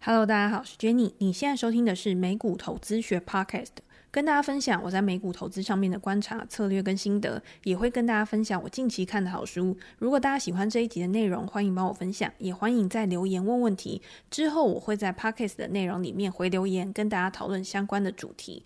Hello，大家好，我是 Jenny。你現在收聽的是美股投資學 Podcast，跟大家分享我在美股投資上面的觀察、策略跟心得，也會跟大家分享我近期看的好書。如果大家喜歡這一集的內容，歡迎幫我分享，也歡迎在留言問問題。之後我會在 Podcast 的內容裡面回留言，跟大家討論相關的主題。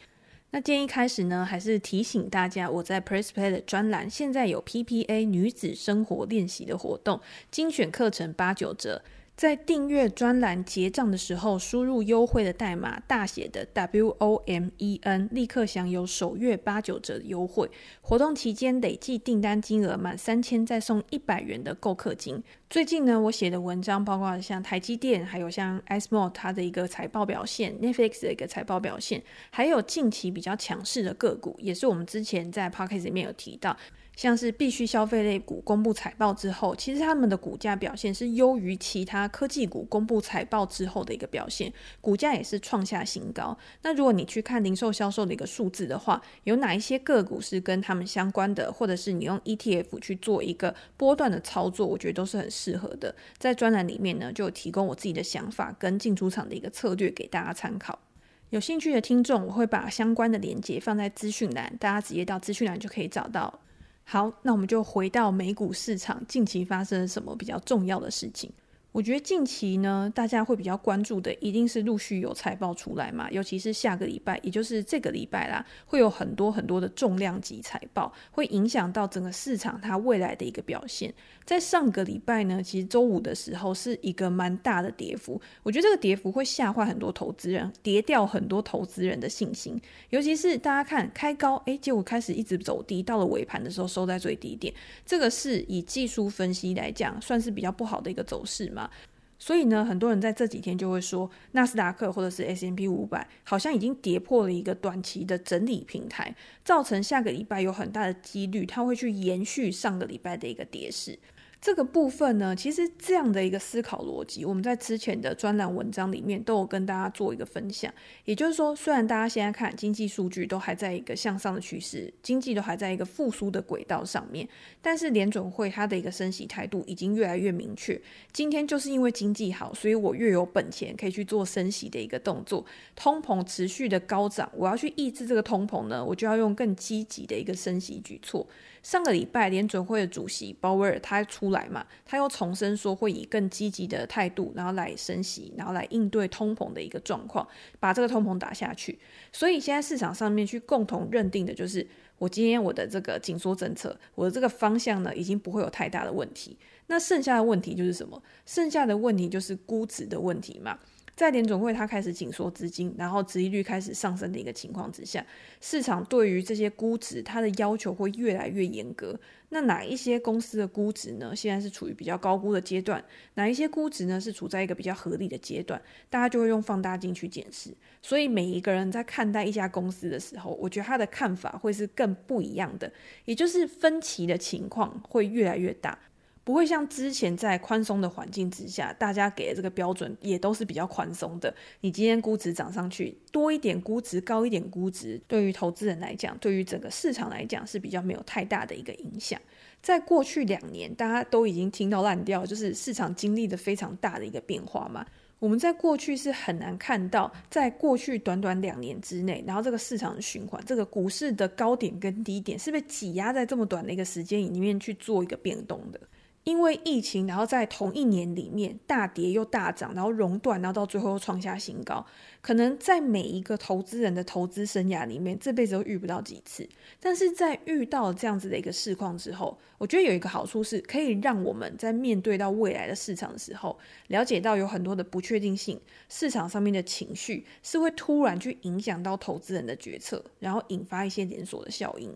那建議開始呢，還是提醒大家，我在 Press Play 的專欄現在有 PPA 女子生活練習的活動，精選課程八九折。在訂閱專欄結賬的時候，輸入優惠的代碼，大寫的 WOMEN，立刻享有首月八九折優惠。活動期間累計訂單金額滿三千，再送一百元的購客金。最近呢，我寫的文章包括像台積電，還有像 ASML 它的一個財報表現，Netflix 的一個財報表現，還有近期比較強勢的個股，也是我們之前在 Podcast 裡面有提到。像是必需消費類股公布財報之後，其實他們的股價表現是優於其他科技股公布財報之後的一個表現，股價也是創下新高。那如果你去看零售銷售的一個數字的話，有哪一些個股是跟他們相關的，或者是你用 ETF 去做一個波段的操作，我覺得都是很適合的。在專欄裡面呢，就提供我自己的想法跟進出場的一個策略給大家參考。有興趣的聽眾，我會把相關的鏈接放在資訊欄，大家直接到資訊欄就可以找到。好，那我們就回到美股市場，近期發生什麼比較重要的事情？我覺得近期呢，大家會比較關注的一定是陸續有財報出來嘛，尤其是下個禮拜，也就是這個禮拜啦，會有很多很多的重量級財報，會影響到整個市場它未來的一個表現。在上個禮拜呢，其實週五的時候是一個蠻大的跌幅。我覺得這個跌幅會嚇壞很多投資人，跌掉很多投資人的信心。尤其是大家看開高，哎、欸，結果開始一直走低，到了尾盤的時候收在最低點。這個是以技術分析來講，算是比較不好的一個走勢嘛。所以呢，很多人在這幾天就會說，納斯達克或者是 S&P 500，好像已經跌破了一個短期的整理平台，造成下個禮拜有很大的幾率，它會去延續上個禮拜的一個跌勢。這個部分呢，其實這樣的一個思考邏輯，我們在之前的專欄文章裡面都有跟大家做一個分享。也就是說，雖然大家現在看經濟數據都還在一個向上的趨勢，經濟都還在一個復甦的軌道上面，但是聯準會它的一個升息態度已經越來越明確。今天就是因為經濟好，所以我越有本錢可以去做升息的一個動作。通膨持續的高漲，我要去抑制這個通膨呢，我就要用更積極的一個升息舉措。上個禮拜，聯準會的主席鮑威爾他出來嘛，他又重申說會以更積極的態度，然後來升息，然後來應對通膨的一個狀況，把這個通膨打下去。所以現在市場上面去共同認定的就是，我今天我的這個緊縮政策，我的這個方向呢，已經不會有太大的問題。那剩下的問題就是什麼？剩下的問題就是估值的問題嘛。在聯準會，它開始緊縮資金，然後殖利率開始上升的一個情況之下，市場對於這些估值，它的要求會越來越嚴格。那哪一些公司的估值呢？現在是處於比較高估的階段，哪一些估值呢？是處在一個比較合理的階段，大家就會用放大鏡去檢視。所以每一個人在看待一家公司的時候，我覺得他的看法會是更不一樣的，也就是分歧的情況會越來越大。不會像之前在寬鬆的環境之下，大家給的這個標準也都是比較寬鬆的。你今天估值漲上去，多一點估值，高一點估值，對於投資人來講，對於整個市場來講是比較沒有太大的一個影響。在過去兩年，大家都已經聽到爛掉，就是市場經歷的非常大的一個變化嘛。我們在過去是很難看到，在過去短短兩年之內，然後這個市場循環，這個股市的高點跟低點，是被擠壓在這麼短的一個時間裡面去做一個變動的。因為疫情，然後在同一年裡面大跌又大漲，然後熔斷，然後到最後又創下新高。可能在每一個投資人的投資生涯裡面，這輩子都遇不到幾次。但是在遇到這樣子的一個市況之後，我覺得有一個好處是可以讓我們在面對到未來的市場的時候，了解到有很多的不確定性，市場上面的情緒是會突然去影響到投資人的決策，然後引發一些連鎖的效應。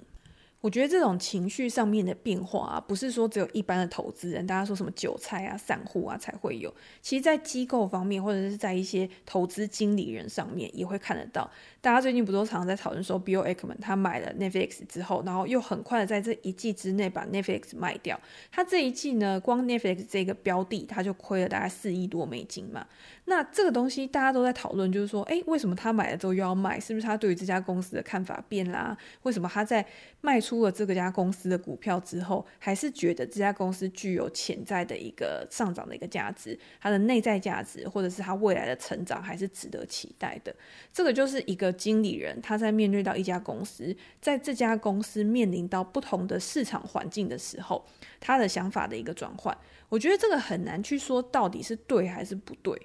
我覺得這種情緒上面的變化、啊，不是說只有一般的投資人，大家說什麼韭菜啊、散戶啊才會有。其實，在機構方面，或者是在一些投資經理人上面，也會看得到。大家最近不都常常在討論說，Bill Ackman 他買了 Netflix 之後，然後又很快的在這一季之內把 Netflix 賣掉。他這一季呢，光 Netflix 這個標的，他就虧了大概四億多美金嘛。那這個東西大家都在討論，就是說，哎，為什麼他買了之後又要賣？是不是他對於這家公司的看法變啦、啊？為什麼他在賣出？出了這個家公司的股票之後，還是覺得這家公司具有潛在的一個上漲的一個價值，它的內在價值或者是它未來的成長還是值得期待的。這個就是一個經理人，他在面對到一家公司，在這家公司面臨到不同的市場環境的時候，他的想法的一個轉換。我覺得這個很難去說到底是對還是不對。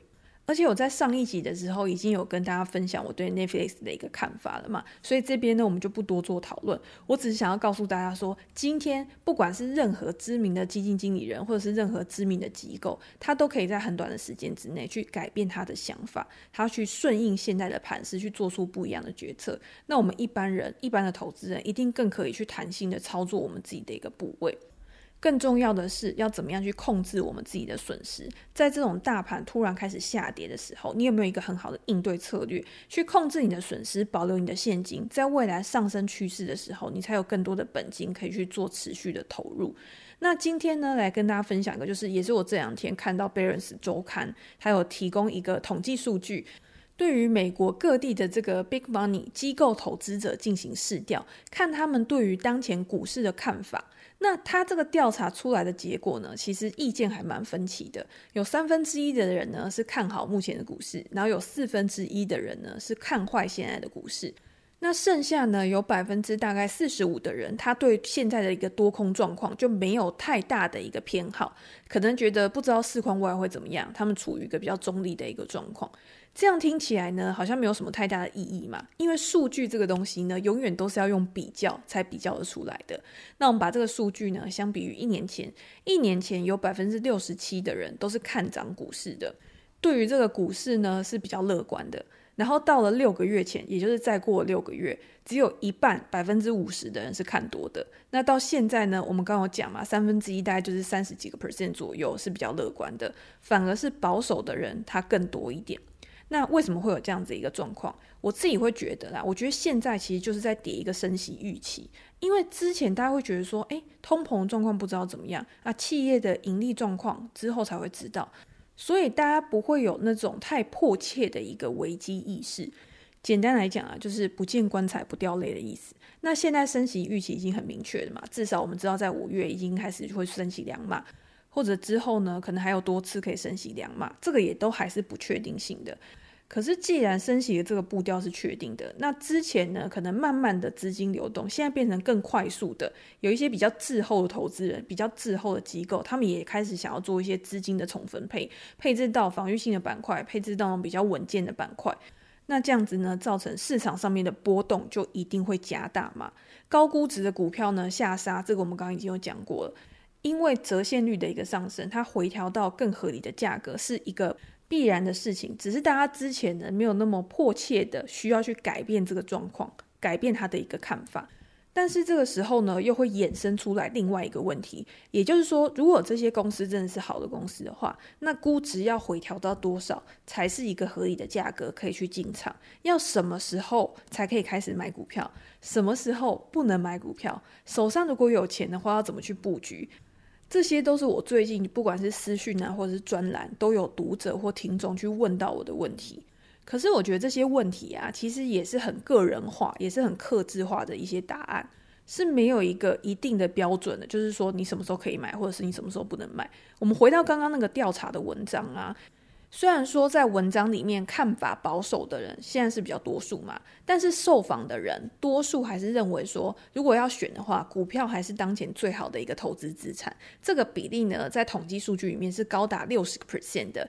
而且我在上一集的時候已經有跟大家分享我對 Netflix 的一個看法了嘛，所以這邊呢，我們就不多做討論。我只是想要告訴大家說，今天不管是任何知名的基金經理人，或者是任何知名的機構，他都可以在很短的時間之內去改變他的想法，他去順應現在的盤勢去做出不一樣的決策。那我們一般人、一般的投資人，一定更可以去彈性的操作我們自己的一個部位。更重要的是，要怎麼樣去控制我們自己的損失？在這種大盤突然開始下跌的時候，你有沒有一個很好的應對策略，去控制你的損失，保留你的現金，在未來上升趨勢的時候，你才有更多的本金可以去做持續的投入。那今天呢，來跟大家分享一個，就是也是我這兩天看到 Barron's 周刊，還有提供一個統計數據，對於美國各地的這個 Big Money 機構投資者進行市調，看他們對於當前股市的看法。那他這個調查出來的結果呢，其實意見還蠻分歧的。有三分之一的人呢是看好目前的股市，然後有四分之一的人呢是看壞現在的股市。那剩下呢，有百分之大概四十五的人，他對現在的一個多空狀況就沒有太大的一個偏好，可能覺得不知道市況未來會怎麼樣，他們處於一個比較中立的一個狀況。這樣聽起來呢，好像沒有什麼太大的意義嘛，因為數據這個東西呢，永遠都是要用比較才比較得出來的。那我們把這個數據呢，相比於一年前，一年前有百分之六十七的人都是看漲股市的，對於這個股市呢是比較樂觀的。然後到了六個月前，也就是再過六個月，只有一半百分之五十的人是看多的。那到現在呢，我們剛剛有講嘛，三分之一大概就是三十幾個 percent 左右是比較樂觀的，反而是保守的人他更多一點。那為什麼會有這樣子一個狀況？我自己會覺得啦，我覺得現在其實就是在疊一個升息預期，因為之前大家會覺得說，誒，通膨狀況不知道怎麼樣啊，企業的盈利狀況之後才會知道。所以大家不會有那種太迫切的一個危機意識。簡單來講啊，就是不見棺材不掉淚的意思。那現在升息預期已經很明確了嘛，至少我們知道在五月已經開始就會升息兩碼，或者之後呢，可能還有多次可以升息兩碼，這個也都還是不確定性的。可是，既然升息的這個步調是確定的，那之前呢，可能慢慢的資金流動，現在變成更快速的，有一些比較滯後的投資人、比較滯後的機構，他們也開始想要做一些資金的重分配，配置到防御性的板塊，配置到比較穩健的板塊。那這樣子呢，造成市場上面的波動就一定會加大嘛。高估值的股票呢，下殺，這個我們剛剛已經有講過了，因為折現率的一個上升，它回調到更合理的價格是一個必然的事情，只是大家之前呢沒有那麼迫切的需要去改變這個狀況，改變他的一個看法。但是這個時候呢，又會衍生出來另外一個問題，也就是說，如果這些公司真的是好的公司的話，那估值要回調到多少才是一個合理的價格可以去進場？要什麼時候才可以開始買股票？什麼時候不能買股票？手上如果有錢的話，要怎麼去佈局？這些都是我最近不管是私訊啊，或者是專欄，都有讀者或聽眾去問到我的問題。可是我覺得這些問題啊，其實也是很個人化，也是很客製化的一些答案，是沒有一個一定的標準的。就是說，你什麼時候可以買，或者是你什麼時候不能買。我們回到剛剛那個調查的文章啊。雖然說在文章裡面看法保守的人現在是比較多數嘛，但是受訪的人多數還是認為說，如果要選的話，股票還是當前最好的一個投資資產。這個比例呢，在統計數據裡面是高達六十個 percent 的，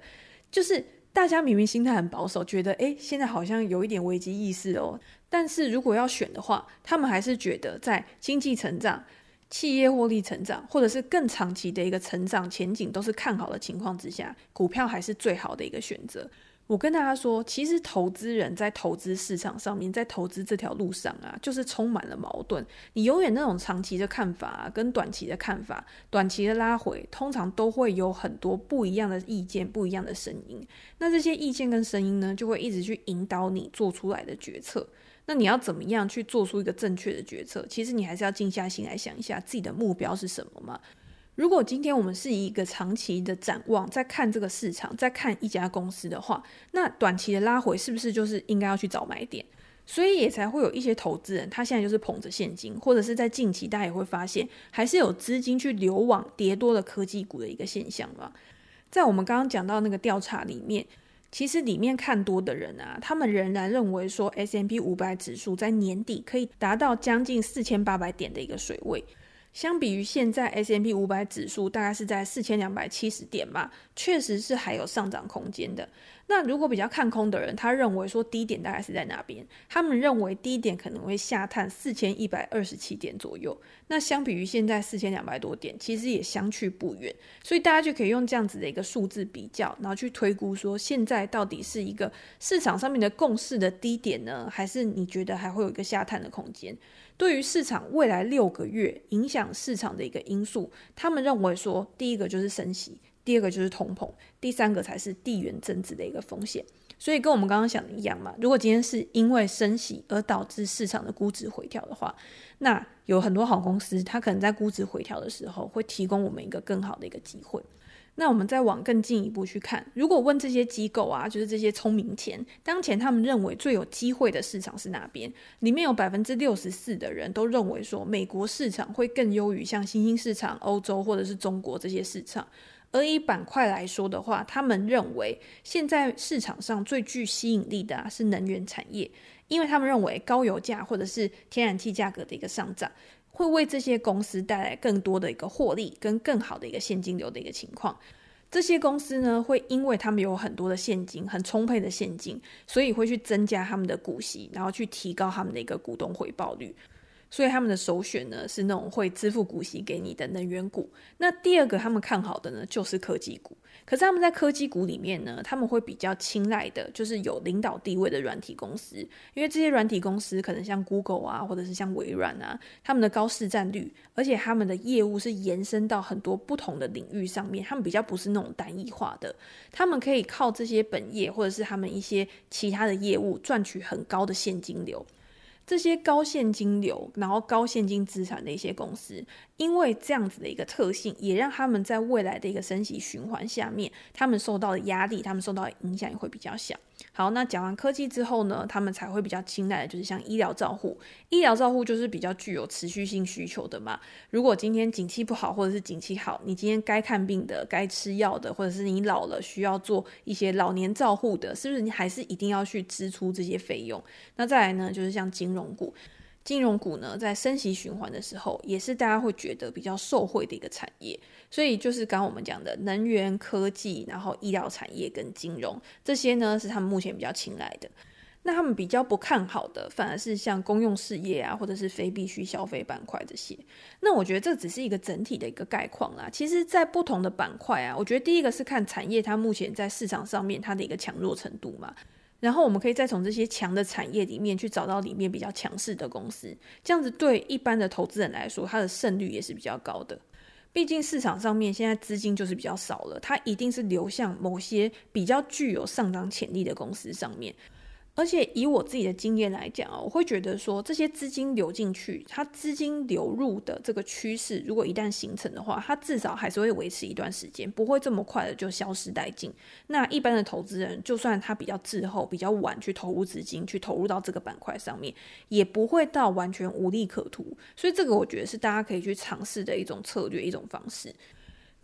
就是大家明明心態很保守，覺得欸，現在好像有一點危機意識哦，但是如果要選的話，他們還是覺得在經濟成長。企業獲利成長，或者是更長期的一個成長前景都是看好的情況之下，股票還是最好的一個選擇。我跟大家說，其實投資人在投資市場上面，在投資這條路上啊，就是充滿了矛盾。你永遠那種長期的看法啊，跟短期的看法，短期的拉回，通常都會有很多不一樣的意見、不一樣的聲音。那這些意見跟聲音呢，就會一直去引導你做出來的決策。那你要怎麼樣去做出一個正確的決策？其實你還是要靜下心來想一下自己的目標是什麼嘛。如果今天我們是以一個長期的展望在看這個市場，在看一家公司的話，那短期的拉回是不是就是應該要去找買點？所以也才會有一些投資人，他現在就是捧着現金，或者是在近期，大家也會發現還是有資金去流往跌多的科技股的一個現象嘛。在我們剛剛講到那個調查裡面。其實裡面看多的人啊，他們仍然認為說，S&P 五百指數在年底可以達到將近四千八百點的一個水位。相比於現在，S&P 五百指數大概是在四千兩百七十點嘛，確實是還有上漲空間的。那如果比較看空的人，他認為說低點大概是在哪邊？他們認為低點可能會下探四千一百二十七點左右。那相比於現在四千兩百多點，其實也相去不遠。所以大家就可以用這樣子的一個數字比較，然後去推估說現在到底是一個市場上面的共識的低點呢，還是你覺得還會有一個下探的空間？對於市場未來六個月影響市場的一個因素，他們認為說第一個就是升息。第二個就是通膨，第三個才是地緣政治的一個風險。所以跟我們剛剛想的一樣嘛，如果今天是因為升息而導致市場的估值回調的話，那有很多好公司，它可能在估值回調的時候會提供我們一個更好的一個機會。那我們再往更進一步去看，如果問這些機構啊，就是這些聰明錢，當前他們認為最有機會的市場是哪邊？裡面有百分之六十四的人都認為說，美國市場會更優於像新興市場、歐洲或者是中國這些市場。而以板塊來說的話，他們認為現在市場上最具吸引力的啊是能源產業，因為他們認為高油價或者是天然氣價格的一個上漲，會為這些公司帶來更多的一個獲利跟更好的一個現金流的一個情況。這些公司呢，會因為他們有很多的現金，很充沛的現金，所以會去增加他們的股息，然後去提高他們的一個股東回報率。所以他們的首選呢是那種會支付股息給你的能源股。那第二個他們看好的呢就是科技股。可是他們在科技股裡面呢，他們會比較青睞的就是有領導地位的軟體公司，因為這些軟體公司可能像 Google 啊，或者是像微軟啊，他們的高市占率，而且他們的業務是延伸到很多不同的領域上面，他們比較不是那種單一化的，他們可以靠這些本業或者是他們一些其他的業務賺取很高的現金流。這些高現金流，然後高現金資產的一些公司。因為這樣子的一個特性，也讓他們在未來的一個升息循環下面，他們受到的壓力，他們受到的影響也會比較小。好，那講完科技之後呢，他們才會比較青睞的，就是像醫療照護。醫療照護就是比較具有持續性需求的嘛。如果今天景氣不好，或者是景氣好，你今天該看病的，該吃藥的，或者是你老了需要做一些老年照護的，是不是你還是一定要去支出這些費用？那再來呢，就是像金融股。金融股呢，在升息循環的時候，也是大家會覺得比較受惠的一個產業。所以就是剛剛我們講的能源科技、然後醫療產業跟金融這些呢，是他們目前比較青睞的。那他們比較不看好的，反而是像公用事業啊，或者是非必須消費板塊這些。那我覺得這只是一個整體的一個概況啦。其實，在不同的板塊啊，我覺得第一個是看產業它目前在市場上面它的一個強弱程度嘛。然後我們可以再從這些強的產業裡面去找到裡面比較強勢的公司，這樣子對一般的投資人來說，他的勝率也是比較高的。畢竟市場上面現在資金就是比較少了，它一定是流向某些比較具有上漲潛力的公司上面。而且以我自己的經驗來講，我會覺得說，這些資金流進去，它資金流入的這個趨勢，如果一旦形成的話，它至少還是會維持一段時間，不會這麼快的就消失殆盡。那一般的投資人，就算他比較滯後、比較晚去投入資金，去投入到這個板塊上面，也不會到完全無利可圖。所以這個我覺得是大家可以去嘗試的一種策略、一種方式。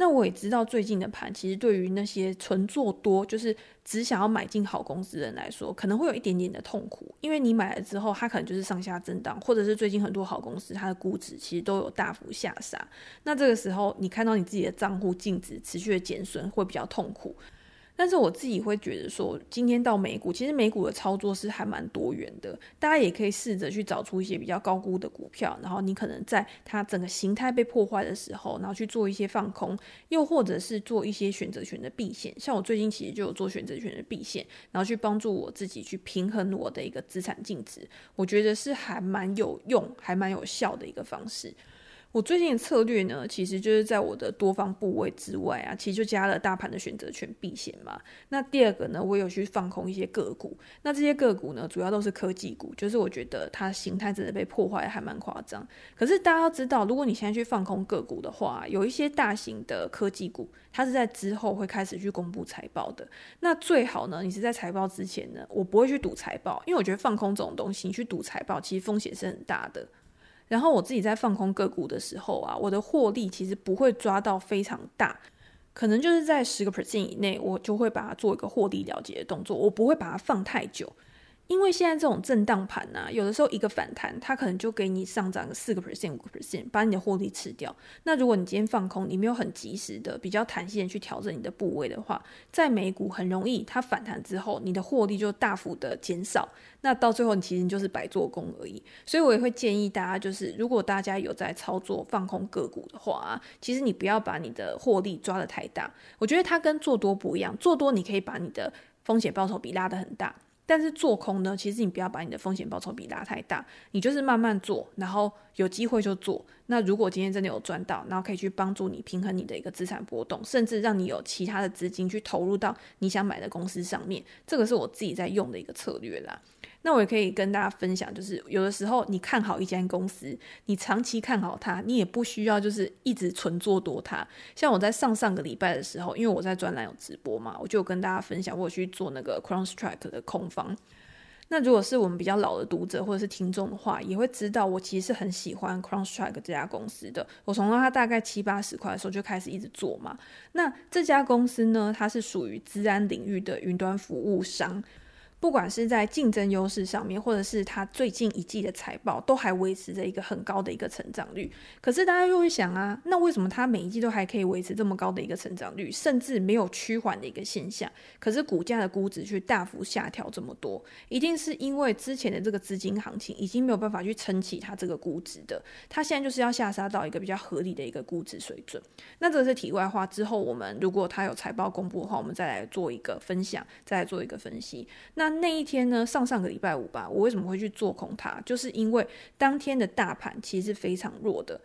那我也知道，最近的盤其實對於那些純做多，就是只想要買進好公司的人來說，可能會有一點點的痛苦，因為你買了之後，它可能就是上下震盪，或者是最近很多好公司它的估值其實都有大幅下殺，那這個時候你看到你自己的賬戶淨值持續的減損，會比較痛苦。但是我自己會覺得說，今天到美股，其實美股的操作是還蠻多元的。大家也可以試着去找出一些比較高估的股票，然後你可能在它整個形態被破壞的時候，然後去做一些放空，又或者是做一些選擇權的避險。像我最近其實就有做選擇權的避險，然後去幫助我自己去平衡我的一個資產淨值，我覺得是還蠻有用、還蠻有效的一個方式。我最近的策略呢，其實就是在我的多方部位之外啊，其實就加了大盤的選擇權避險嘛。那第二個呢，我有去放空一些個股。那這些個股呢，主要都是科技股，就是我覺得它形態真的被破壞還蠻誇張。可是大家要知道，如果你現在去放空個股的話，有一些大型的科技股，它是在之後會開始去公布財報的。那最好呢，你是在財報之前呢，我不會去賭財報，因為我覺得放空這種東西，你去賭財報其實風險是很大的。然後我自己在放空個股的時候啊，我的獲利其實不會抓到非常大，可能就是在十個 percent 以內，我就會把它做一個獲利了結的動作，我不會把它放太久。因為現在這種震盪盤啊，有的時候一個反彈，它可能就給你上漲四個 percent、五個 percent，把你的獲利吃掉。那如果你今天放空，你沒有很及時的比較彈性的去調整你的部位的話，在美股很容易，它反彈之後，你的獲利就大幅的減少。那到最後，你其實就是白做工而已。所以，我也會建議大家，就是如果大家有在操作放空個股的話啊，其實你不要把你的獲利抓得太大。我覺得它跟做多不一樣，做多你可以把你的風險報酬比拉得很大。但是做空呢，其實你不要把你的風險報酬比拉太大，你就是慢慢做，然後有機會就做。那如果今天真的有賺到，然後可以去幫助你平衡你的一個資產波動，甚至讓你有其他的資金去投入到你想買的公司上面，這個是我自己在用的一個策略啦。那我也可以跟大家分享，就是有的時候你看好一間公司，你長期看好它，你也不需要就是一直存做多它。像我在上上個禮拜的時候，因為我在專欄有直播嘛，我就有跟大家分享我去做那個 CrowdStrike 的空方。那如果是我們比較老的讀者或者是聽眾的話，也會知道我其實是很喜歡 CrowdStrike 這家公司的。我從它大概七八十塊的時候就開始一直做嘛。那這家公司呢，它是屬於資安領域的雲端服務商。不管是在競爭優勢上面，或者是它最近一季的財報，都還維持着一個很高的一個成長率。可是大家就會想啊，那為什麼它每一季都還可以維持這麼高的一個成長率，甚至沒有趨緩的一個現象？可是股價的估值卻大幅下調這麼多，一定是因為之前的這個資金行情已經沒有辦法去撐起它這個估值的，它現在就是要下殺到一個比較合理的一個估值水準。那這個是題外話，之後我們如果它有財報公布的話，我們再來做一個分享，再來做一個分析。那。那一天呢，上上個禮拜五吧，我為什麼會去做空它？就是因為當天的大盤其實是非常弱的。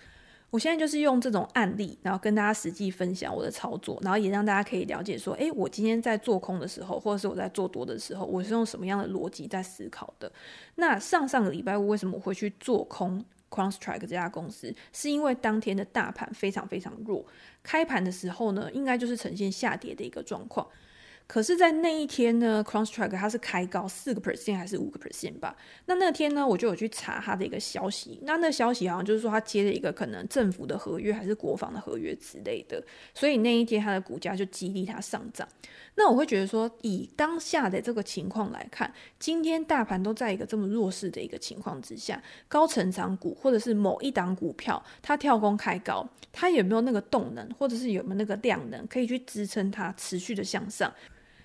我現在就是用這種案例，然後跟大家實際分享我的操作，然後也讓大家可以了解說，哎，我今天在做空的時候，或者是我在做多的時候，我是用什麼樣的邏輯在思考的。那上上個禮拜五為什麼我會去做空 CrowdStrike 這家公司？是因為當天的大盤非常非常弱，開盤的時候呢，應該就是呈現下跌的一個狀況。可是，在那一天呢，Crosstrack 它是開高四個 percent 還是五個 percent 吧？那那天呢，我就有去查它的一個消息。那那個消息好像就是說，它接了一個可能政府的合約還是國防的合約之類的。所以那一天它的股價就激勵它上漲。那我會覺得說，以當下的這個情況來看，今天大盤都在一個這麼弱勢的一個情況之下，高成長股或者是某一檔股票，它跳空開高，它有沒有那個動能，或者是有沒有那個量能，可以去支撐它持續的向上？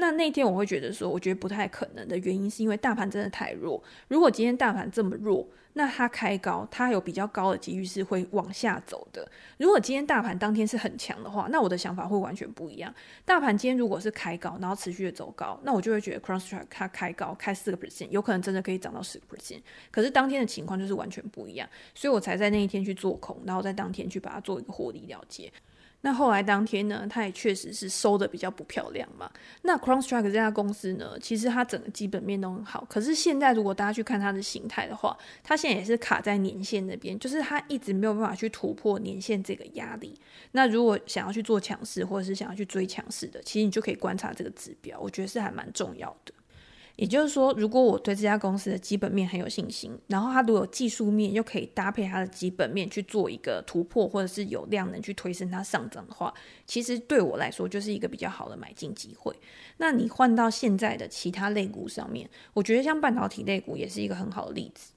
那那天我會覺得說，我覺得不太可能的原因是因為大盤真的太弱。如果今天大盤這麼弱，那它開高，它有比較高的幾率是會往下走的。如果今天大盤當天是很強的話，那我的想法會完全不一樣。大盤今天如果是開高，然後持續的走高，那我就會覺得 CrowdStrike 它開高開四個 percent，有可能真的可以漲到十個 percent。可是當天的情況就是完全不一樣，所以我才在那一天去做空，然後在當天去把它做一個獲利了結。那後來當天呢，它也確實是收的比較不漂亮嘛。那 CrowdStrike 這家公司呢，其實它整個基本面都很好，可是現在如果大家去看它的形態的話，它現在也是卡在年線那邊，就是它一直沒有辦法去突破年線這個壓力。那如果想要去做強勢，或者是想要去追強勢的，其實你就可以觀察這個指標，我覺得是還蠻重要的。也就是說，如果我對這家公司的基本面很有信心，然後它如果有技術面，又可以搭配它的基本面去做一個突破，或者是有量能去推升它上漲的話，其實對我來說就是一個比較好的買進機會。那你換到現在的其他類股上面，我覺得像半導體類股也是一個很好的例子。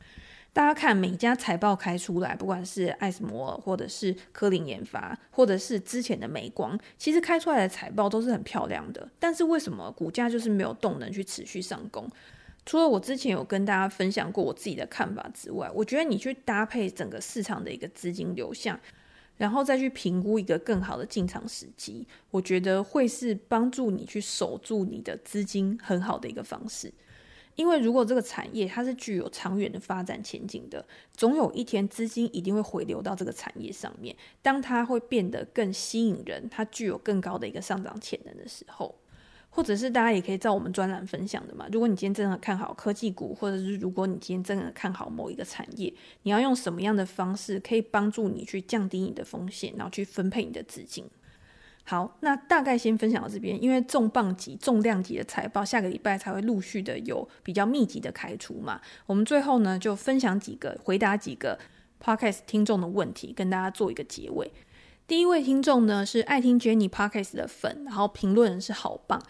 大家看每家財報開出來，不管是艾斯摩爾，或者是科林研發，或者是之前的美光，其實開出來的財報都是很漂亮的。但是為什麼股價就是沒有動能去持續上攻？除了我之前有跟大家分享過我自己的看法之外，我覺得你去搭配整個市場的一個資金流向，然後再去評估一個更好的進場時機，我覺得會是幫助你去守住你的資金很好的一個方式。因為如果這個產業它是具有長遠的發展前景的，總有一天資金一定會回流到這個產業上面。當它會變得更吸引人，它具有更高的一個上漲潛能的時候，或者是大家也可以照我們專欄分享的嘛。如果你今天真的看好科技股，或者是如果你今天真的看好某一個產業，你要用什麼樣的方式可以幫助你去降低你的風險，然後去分配你的資金。好，那大概先分享到這邊，因為重磅級、重量級的財報下個禮拜才會陸續的有比較密集的開出嘛。我們最後呢，就分享幾個，回答幾個 Podcast 聽眾的問題，跟大家做一個結尾。第一位聽眾呢是愛聽 Jenny Podcast 的粉，然後評論是好棒。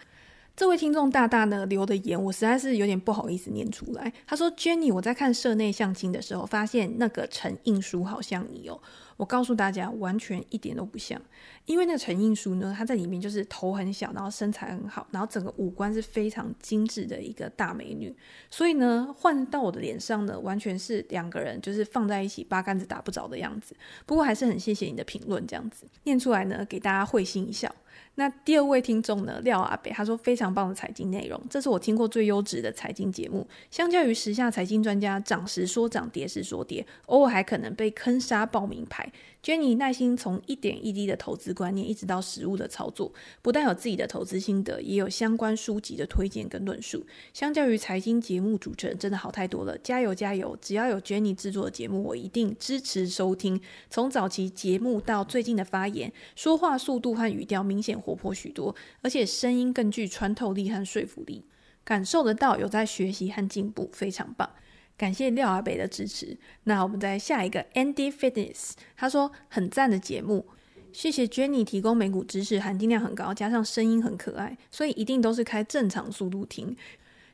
這位聽眾大大呢留的言，我實在是有點不好意思念出來。他說：“Jenny，我在看《社內相親》的時候，發現那個陳印書好像你哦。我告訴大家，完全一點都不像，因為那個陳印書呢，她在裡面就是頭很小，然後身材很好，然後整個五官是非常精緻的一個大美女。所以呢，換到我的臉上呢，完全是兩個人就是放在一起八竿子打不着的樣子。不過還是很謝謝你的評論，這樣子念出來呢，給大家會心一笑。”那第二位聽眾呢，廖阿北，他說，非常棒的財經內容，這是我聽過最優質的財經節目。相較於時下財經專家漲時說漲，跌時說跌，偶爾還可能被坑殺報明牌。Jenny 耐心從一點一滴的投資觀念，一直到實物的操作，不但有自己的投資心得，也有相關書籍的推薦跟論述。相較於財經節目主持人，真的好太多了！加油加油！只要有 Jenny 製作的節目，我一定支持收聽。從早期節目到最近的發言，說話速度和語調明顯活潑許多，而且聲音更具穿透力和說服力，感受得到有在學習和進步，非常棒。感謝廖阿北的支持。那我們再下一個 Andy Fitness，他說很讚的節目。謝謝 Jenny 提供美股知識，含金量很高，加上聲音很可愛，所以一定都是開正常速度聽。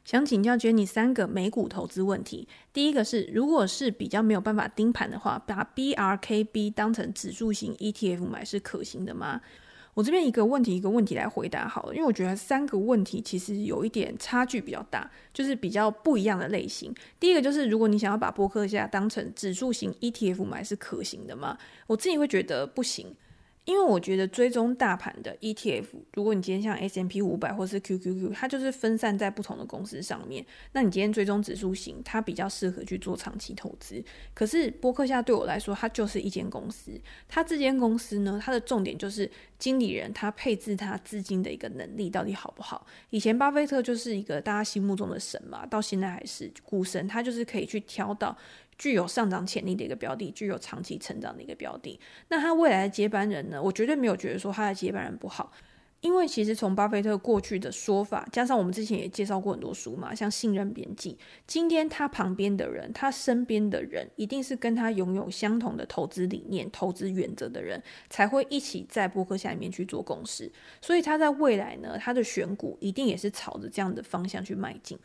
想請教 Jenny 三個美股投資問題：第一個是，如果是比較沒有辦法盯盤的話，把 BRKB 當成指數型 ETF 買是可行的嗎？我這邊一個問題一個問題來回答好了，因為我覺得三個問題其實有一點差距比較大，就是比較不一樣的類型。第一個就是，如果你想要把波克夏當成指數型 ETF 買，是可行的嗎？我自己會覺得不行。因為我覺得追蹤大盤的 ETF，如果你今天像 S&P 500或是 QQQ，它就是分散在不同的公司上面，那你今天追蹤指數型，它比較適合去做長期投資。可是波克夏對我來說，它就是一間公司。它這間公司呢，它的重點就是經理人，他配置他資金的一個能力到底好不好？以前巴菲特就是一個大家心目中的神嘛，到現在還是股神，他就是可以去挑到。具有上漲潛力的一個標的，具有長期成長的一個標的。那他未來的接班人呢？我絕對沒有覺得說他的接班人不好，因為其實從巴菲特過去的說法，加上我們之前也介紹過很多書嘛，像《信任邊際》、今天他旁邊的人，他身邊的人，一定是跟他擁有相同的投資理念、投資原則的人，才會一起在博客下面去做共識。所以他在未來呢，他的選股一定也是朝着這樣的方向去邁進。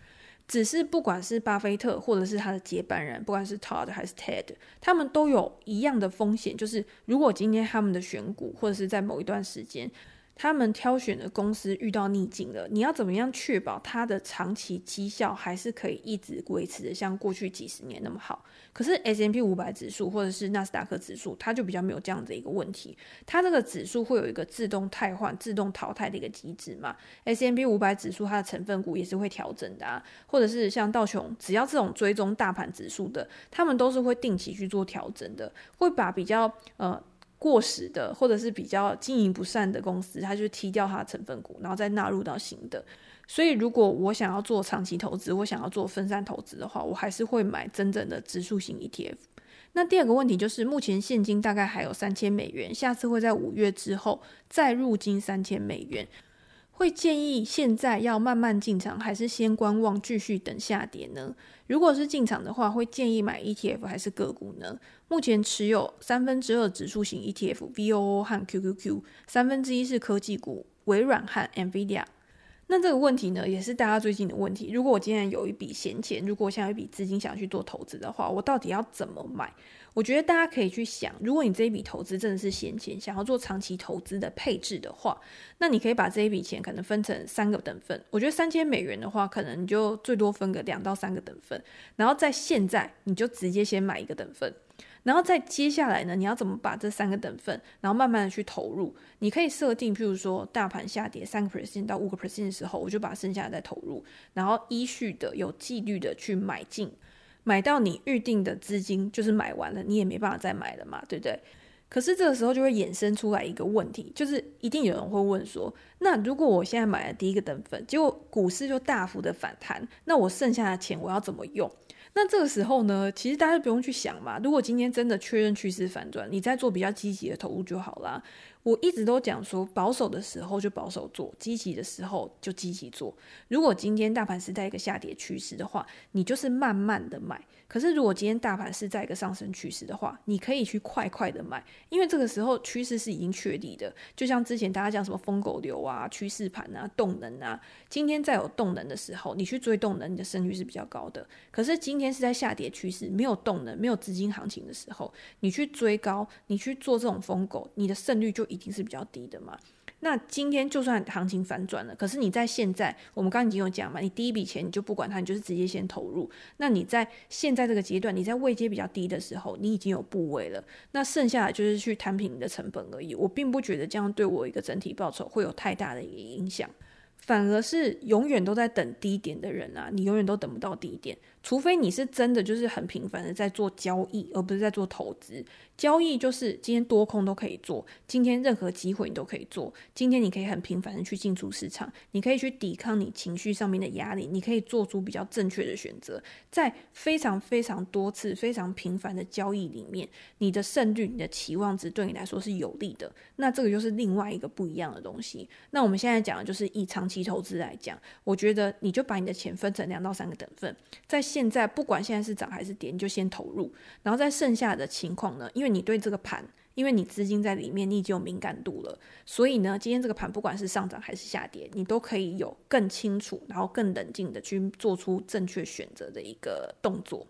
只是，不管是巴菲特，或者是他的接班人，不管是 Todd 還是 Ted，他們都有一樣的風險，就是如果今天他們的選股，或者是在某一段時間。他們挑選的公司遇到逆境了，你要怎麼樣確保它的長期績效還是可以一直維持的像過去幾十年那麼好？可是 S&P 五百指數或者是納斯達克指數，它就比較沒有這樣的一個問題。它這個指數會有一個自動汰換、自動淘汰的一個機制嘛，S&P 五百指數它的成分股也是會調整的啊，或者是像道瓊，只要這種追蹤大盤指數的，他們都是會定期去做調整的，會把比較呃。過時的，或者是比較經營不善的公司，它就踢掉它的成分股，然後再納入到新的。所以，如果我想要做長期投資，我想要做分散投資的話，我還是會買真正的指數型 ETF。那第二個問題就是，目前現金大概還有三千美元，下次會在五月之後再入金三千美元。會建議現在要慢慢進場，還是先觀望，繼續等下跌呢？如果是進場的話，會建議買 ETF 還是個股呢？目前持有三分之二指數型 ETF VOO 和 QQQ，三分之一是科技股微軟和 NVIDIA。那這個問題呢，也是大家最近的問題。如果我今天有一筆閒錢，如果我現在有一筆資金想去做投資的話，我到底要怎麼買？我覺得大家可以去想，如果你這一筆投資真的是閒錢，想要做長期投資的配置的話，那你可以把這一筆錢可能分成三個等份。我覺得三千美元的話，可能你就最多分個兩到三個等份。然後在現在，你就直接先買一個等份。然後在接下來呢，你要怎麼把這三個等份，然後慢慢的去投入？你可以設定，譬如說大盤下跌三個 percent 到五個 percent 的時候，我就把它剩下的再投入，然後依序的、有紀律的去買進。買到你預定的資金，就是買完了，你也沒辦法再買了嘛，對不對？可是這個時候就會衍生出來一個問題，就是一定有人會問說，那如果我現在買了第一個等份，結果股市就大幅的反彈，那我剩下的錢我要怎麼用？那這個時候呢，其實大家就不用去想嘛。如果今天真的確認趨勢反轉，你再做比較積極的投入就好啦。我一直都講說，保守的時候就保守做，積極的時候就積極做。如果今天大盤是在一個下跌趨勢的話，你就是慢慢的買。可是，如果今天大盤是在一個上升趨勢的話，你可以去快快的買，因為這個時候趨勢是已經確立的。就像之前大家講什麼瘋狗流啊、趨勢盤啊、動能啊，今天在有動能的時候，你去追動能，你的勝率是比較高的。可是今天是在下跌趨勢，沒有動能、沒有資金行情的時候，你去追高、你去做這種瘋狗，你的勝率就一定是比較低的嘛。那今天就算行情反轉了，可是你在現在，我們剛剛已經有講嘛，你第一筆錢你就不管它，你就是直接先投入。那你在現在這個階段，你在位階比較低的時候，你已經有部位了，那剩下的就是去攤平你的成本而已。我並不覺得這樣對我一個整體報酬會有太大的影響，反而是永遠都在等低點的人啊，你永遠都等不到低點。除非你是真的就是很頻繁的在做交易，而不是在做投資。交易就是今天多空都可以做，今天任何機會你都可以做，今天你可以很頻繁的去進出市場，你可以去抵抗你情緒上面的壓力，你可以做出比較正確的選擇。在非常非常多次非常頻繁的交易裡面，你的勝率、你的期望值對你來說是有利的。那這個就是另外一個不一樣的東西。那我們現在講的就是以長期投資來講，我覺得你就把你的錢分成兩到三個等份，在。現在不管現在是漲還是跌，你就先投入，然後在剩下的情況呢，因為你對這個盤，因為你資金在裡面，你已經有敏感度了，所以呢，今天這個盤不管是上漲還是下跌，你都可以有更清楚，然後更冷靜的去做出正確選擇的一個動作。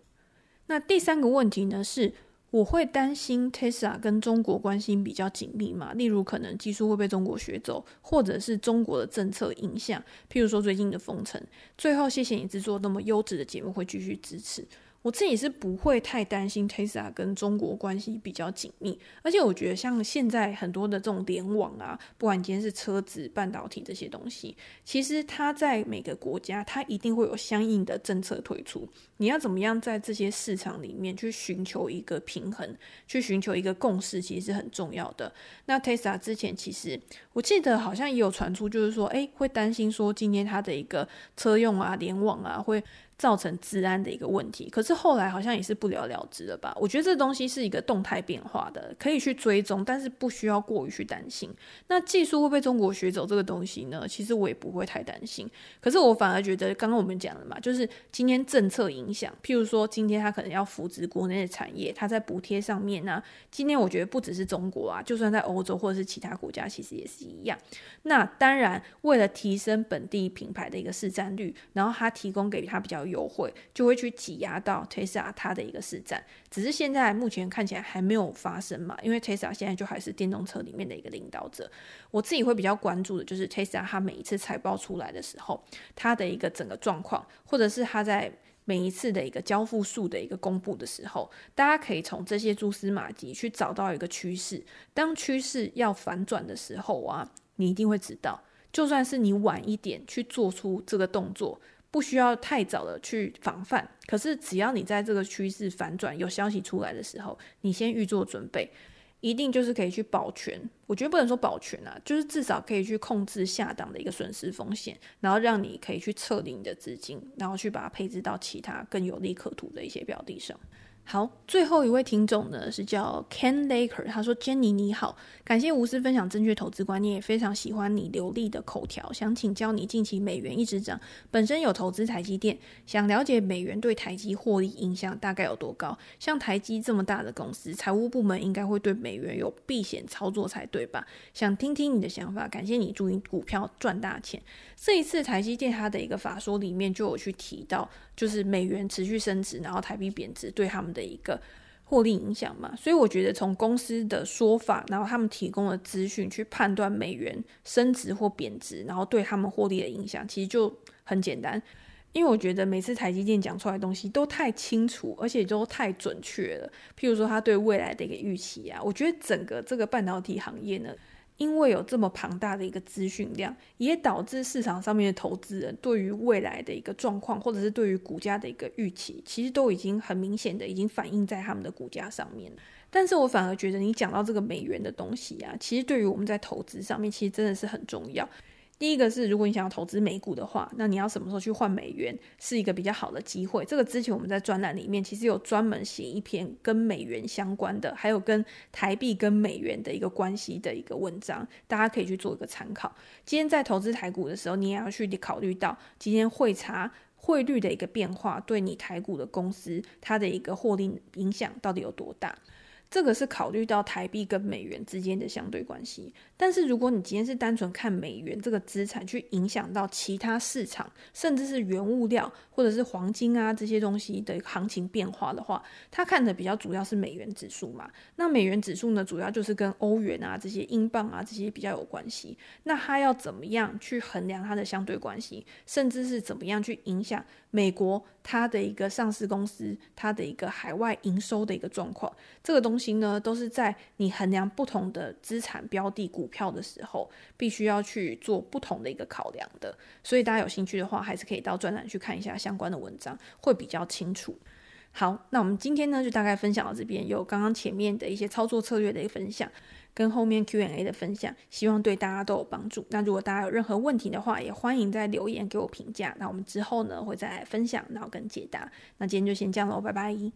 那第三個問題呢是，我會擔心 Tesla 跟中國關係比較緊密嘛，例如可能技術會被中國學走，或者是中國的政策影響，譬如說最近的封城。最後，謝謝你制作那麼優質的節目，會繼續支持。我自己是不會太擔心 Tesla 跟中國關係比較緊密，而且我覺得像現在很多的這種聯網啊，不管今天是車子、半導體這些東西，其實它在每個國家它一定會有相應的政策推出。你要怎麼樣在這些市場裡面去尋求一個平衡，去尋求一個共識，其實是很重要的。那 Tesla 之前其實我記得好像也有傳出，就是說，欸，誒會擔心說今天它的一個車用啊、聯網啊會。造成治安的一個問題，可是後來好像也是不了了之了吧？我覺得這東西是一個動態變化的，可以去追蹤，但是不需要過於去擔心。那技術會被中國學走這個東西呢？其實我也不會太擔心。可是我反而覺得，剛剛我們講了嘛，就是今天政策影響，譬如說今天他可能要扶植國內的產業，他在補貼上面呢，啊，今天我覺得不只是中國啊，就算在歐洲或者是其他國家，其實也是一樣。那當然，為了提升本地品牌的一個市占率，然後他提供給他比較。優惠就會去擠壓到 Tesla 它的一個市占，只是現在目前看起來還沒有發生嘛？因為 Tesla 現在就還是電動車裡面的一個領導者。我自己會比較關注的就是 Tesla 它每一次財報出來的時候，它的一個整個狀況，或者是它在每一次的一個交付數的一個公布的時候，大家可以從這些蛛絲馬跡去找到一個趨勢。當趨勢要反轉的時候啊，你一定會知道。就算是你晚一點去做出這個動作。不需要太早的去防範，可是只要你在這個趨勢反轉、有消息出來的時候，你先預做準備，一定就是可以去保全。我覺得不能說保全啊，就是至少可以去控制下檔的一個損失風險，然後讓你可以去撤離你的資金，然後去把它配置到其他更有利可圖的一些標的上。好，最後一位聽眾呢是叫 Ken Laker，他說 Jenny 你好，感謝無私分享正確投資觀念，也非常喜歡你流利的口條，想請教你，近期美元一直漲，本身有投資台積電，想了解美元對台積獲利影響大概有多高？像台積這麼大的公司，財務部門應該會對美元有避險操作才對吧？想聽聽你的想法，感謝你祝你股票賺大錢。這一次台積電它的一個法說裡面就有去提到。就是美元持續升值，然後台幣貶值，對他們的一個獲利影響嘛。所以我覺得從公司的說法，然後他們提供的資訊去判斷美元升值或貶值，然後對他們獲利的影響，其實就很簡單。因為我覺得每次台積電講出來的東西都太清楚，而且都太準確了。譬如說他對未來的一個預期啊，我覺得整個這個半導體行業呢。因為有這麼龐大的一個資訊量，也導致市場上面的投資人對於未來的一個狀況，或者是對於股價的一個預期，其實都已經很明顯的已經反映在他們的股價上面。但是我反而覺得你講到這個美元的東西啊，其實對於我們在投資上面，其實真的是很重要。第一個是，如果你想要投資美股的話，那你要什麼時候去換美元是一個比較好的機會。這個之前我們在專欄裡面其實有專門寫一篇跟美元相關的，還有跟台幣跟美元的一個關係的一個文章，大家可以去做一個參考。今天在投資台股的時候，你也要去考慮到今天匯差匯率的一個變化對你台股的公司它的一個獲利影響到底有多大。這個是考慮到台幣跟美元之間的相對關係，但是如果你今天是單純看美元這個資產去影響到其他市場，甚至是原物料或者是黃金啊這些東西的行情變化的話，它看的比較主要是美元指數嘛。那美元指數呢，主要就是跟歐元啊這些英鎊啊這些比較有關係。那它要怎麼樣去衡量它的相對關係，甚至是怎麼樣去影響美國。它的一個上市公司，它的一個海外營收的一個狀況，這個東西呢，都是在你衡量不同的資產標的股票的時候，必須要去做不同的一個考量的。所以大家有興趣的話，還是可以到專欄去看一下相關的文章，會比較清楚。好，那我們今天呢，就大概分享到這邊，有剛剛前面的一些操作策略的一個分享。跟後面 Q&A 的分享，希望對大家都有幫助。那如果大家有任何問題的話，也歡迎在留言給我評價。那我們之後呢，會再分享，然後跟解答。那今天就先這樣嘍，拜拜。